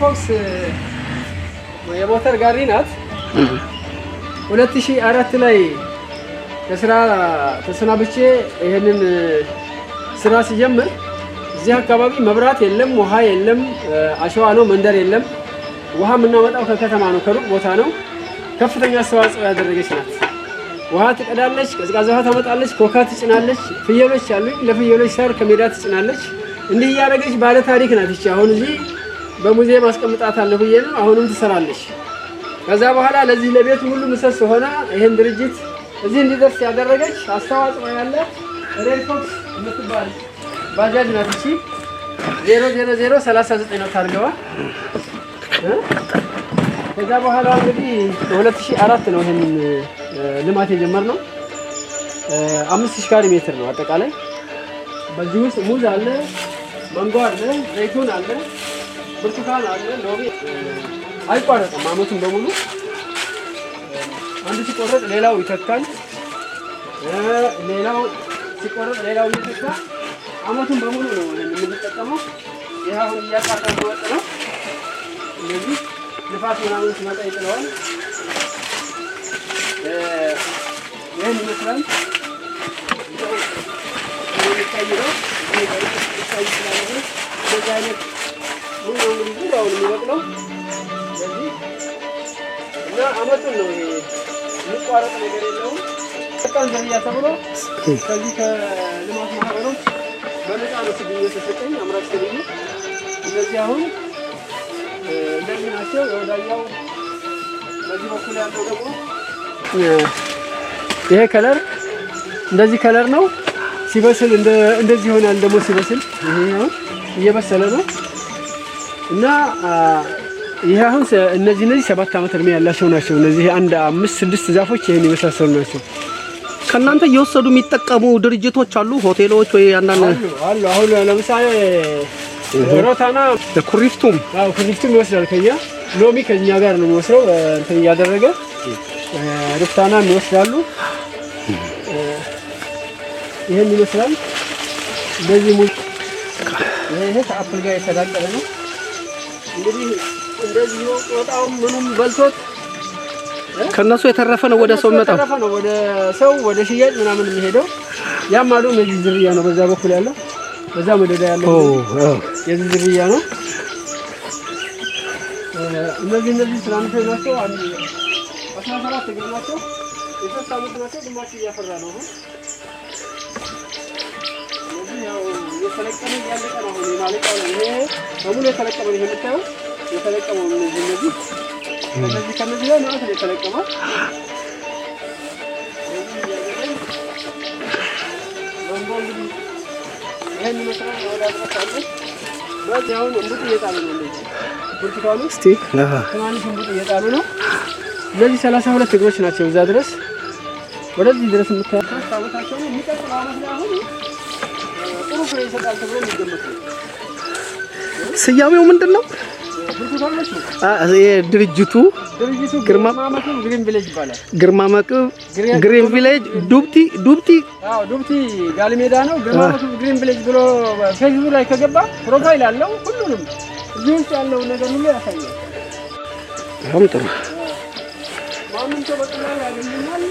ፎክስ የሞተር ጋሪ ናት። 2004 ላይ ከስራ ተሰናብቼ ይህንን ስራ ሲጀምር እዚህ አካባቢ መብራት የለም፣ ውሃ የለም፣ አሸዋ ነው፣ መንደር የለም። ውሃ የምናመጣው ከከተማ ነው፣ ከሩቅ ቦታ ነው። ከፍተኛ አስተዋጽኦ ያደረገች ናት። ውሃ ትቀዳለች፣ ቀዝቃዛ ውሃ ታመጣለች፣ ኮካ ትጭናለች። ፍየሎች አሉኝ፣ ለፍየሎች ሳር ከሜዳ ትጭናለች። እንዲህ እያደረገች ባለ ታሪክ ናት ይቺ አሁን እዚህ በሙዚየም አስቀምጣታለሁ ብዬ ነው። አሁንም ትሰራለች። ከዛ በኋላ ለዚህ ለቤቱ ሁሉ ምሰሶ ሆና ይህን ድርጅት እዚህ እንዲደርስ ያደረገች አስተዋጽኦ ያለ ሬልፎክስ የምትባል ባጃጅ ናት። እቺ ዜሮ ነው ታርገዋ። ከዛ በኋላ እንግዲህ 2004 ነው ይህን ልማት የጀመርነው። 5000 ካሬ ሜትር ነው አጠቃላይ። በዚህ ውስጥ ሙዝ አለ፣ መንጎ አለ፣ ዘይቱን አለ ብርቱካን አለ፣ ሎሚ አይቋረጥም። አመቱን በሙሉ አንዱ ሲቆረጥ ሌላው ይተካል። ሌላው ሲቆረጥ ሌላው ይተካ። አመቱን በሙሉ ነው የምንጠቀመው። ይህ አሁን እያቃጠ ወጥ ነው። እንደዚህ ንፋስ ምናምን ሲመጣ ይጥለዋል። ይህን ይመስላል ይታይ ነው ይታይ ስላለ በዚህ አይነት የሚበቅለው ስለዚህ እና አመቱን ነው የሚቋረጥ ነገር የለውም። ቀን ዝርያ ተብሎ ከዚህ ከልማት ማህበሮች በነፃ ነው ስግኝ የተሰጠኝ አምራች ስግኝ። እነዚህ አሁን እንደዚህ ናቸው። የወዳኛው በዚህ በኩል ያለው ደግሞ ይሄ ከለር እንደዚህ ከለር ነው። ሲበስል እንደዚህ ይሆናል። ደግሞ ሲበስል ይሄ አሁን እየበሰለ ነው። እና ይህ አሁን እነዚህ እነዚህ ሰባት ዓመት እድሜ ያላቸው ናቸው። እነዚህ አንድ አምስት ስድስት ዛፎች ይህን የመሳሰሉ ናቸው። ከእናንተ እየወሰዱ የሚጠቀሙ ድርጅቶች አሉ፣ ሆቴሎች ወይ አንዳንድ አሉ። አሁን ለምሳሌ ሮታና ኩሪፍቱም ኩሪፍቱም ይወስዳል ከኛ ሎሚ ከኛ ጋር ነው የሚወስደው እንትን እያደረገ ሩፍታና ይወስዳሉ። ይህን ይመስላል። በዚህ ሙል ይህ ከአፕል ጋር የተዳቀለ ነው። እንግዲህ እንደዚህ ወጣው ምኑም በልቶት ከነሱ የተረፈ ነው ወደ ሰው መጣው የተረፈ ነው ወደ ሰው ወደ ሽያጭ ምናምን የሚሄደው ያም አሉ የዚህ ዝርያ ነው። በዛ በኩል ያለው በዛ መደዳ ያለው የዚህ ዝርያ ነው። እነዚህ እነዚህ ትናንሽ ናቸው። አስራ ሰባት እግር ናቸው። ናቸው። ግማሽ እያፈራ ነው። የተለቀመ ያለቀ ነው። አሁን የማለቀው ነው። ይሄ በሙሉ የተለቀመ ነው። የምታየው የተለቀመው ነው። እነዚህ እነዚህ ከነዚህ ላይ ነው እንቡጥ እየጣሉ ነው። እንደዚህ ብርቱካኑ እንቡጥ እየጣሉ ነው። ሰላሳ ሁለት እግሮች ናቸው። እዛ ድረስ ወደዚህ ድረስ የምታያቸው ታቦታቸው ነው የሚቀጥለው አመት ላይ አሁን ጥሩ ፍሬ ይሰጣል ተብሎ የሚገመት ነው። ስያሜው ምንድን ነው? ድርጅቱ ግርማ መቅብ ግሪን ቪሌጅ ዱብቲ ዱብቲ አዎ፣ ዱብቲ ጋልሜዳ ነው። ግርማ መቅብ ግሪን ቪሌጅ ብሎ ፌስቡክ ላይ ከገባ ፕሮፋይል አለው። ሁሉንም እዚህ ውስጥ ያለው ነገር ሁሉ ያሳያል። በጣም ጥሩ ማንም ሰው በቀላሉ ያገኛል።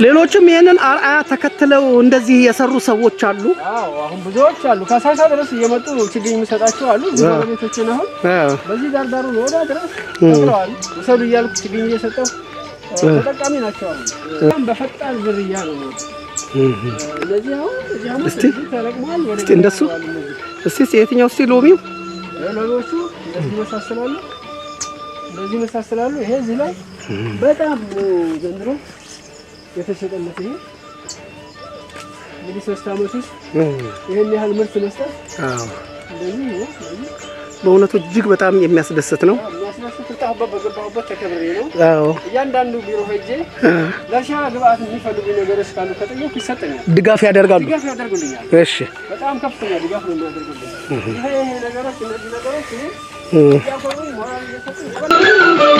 ሌሎችም ይህንን አርአያ ተከትለው እንደዚህ የሰሩ ሰዎች አሉ። አሁን ብዙዎች አሉ። ካሳሳ ድረስ እየመጡ ችግኝ የሚሰጣቸው አሉ። ቤቶችን አሁን በዚህ ዳርዳሩ ወዳ ድረስ ተቅለዋል። ውሰዱ እያልኩ ችግኝ እየሰጠው ተጠቃሚ ናቸው በፈጣን ዝርያ ነው። አሁን እንደሱ እስቲ የትኛው እስቲ ሎሚው ሎሚዎቹ እንደዚህ እንደዚህ ይሄ እዚህ ላይ በጣም ዘንድሮ የተሸጠለት ይሄ እንግዲህ ሶስት ውስጥ ይህን ያህል ምርት መስጠት በእውነቱ እጅግ በጣም የሚያስደስት ነው። በገባሁበት ተከብሬ ነው። እያንዳንዱ ቢሮ ሄጄ ለሻ ግብአት የሚፈልጉ ነገሮች ካሉ ከጠየኩ ይሰጠኛል፣ ድጋፍ ያደርጋሉ፣ ድጋፍ ያደርጉልኛል። እሺ፣ በጣም ከፍተኛ ድጋፍ ነው የሚያደርጉልኝ። ይሄ ነገሮች እነዚህ ነገሮች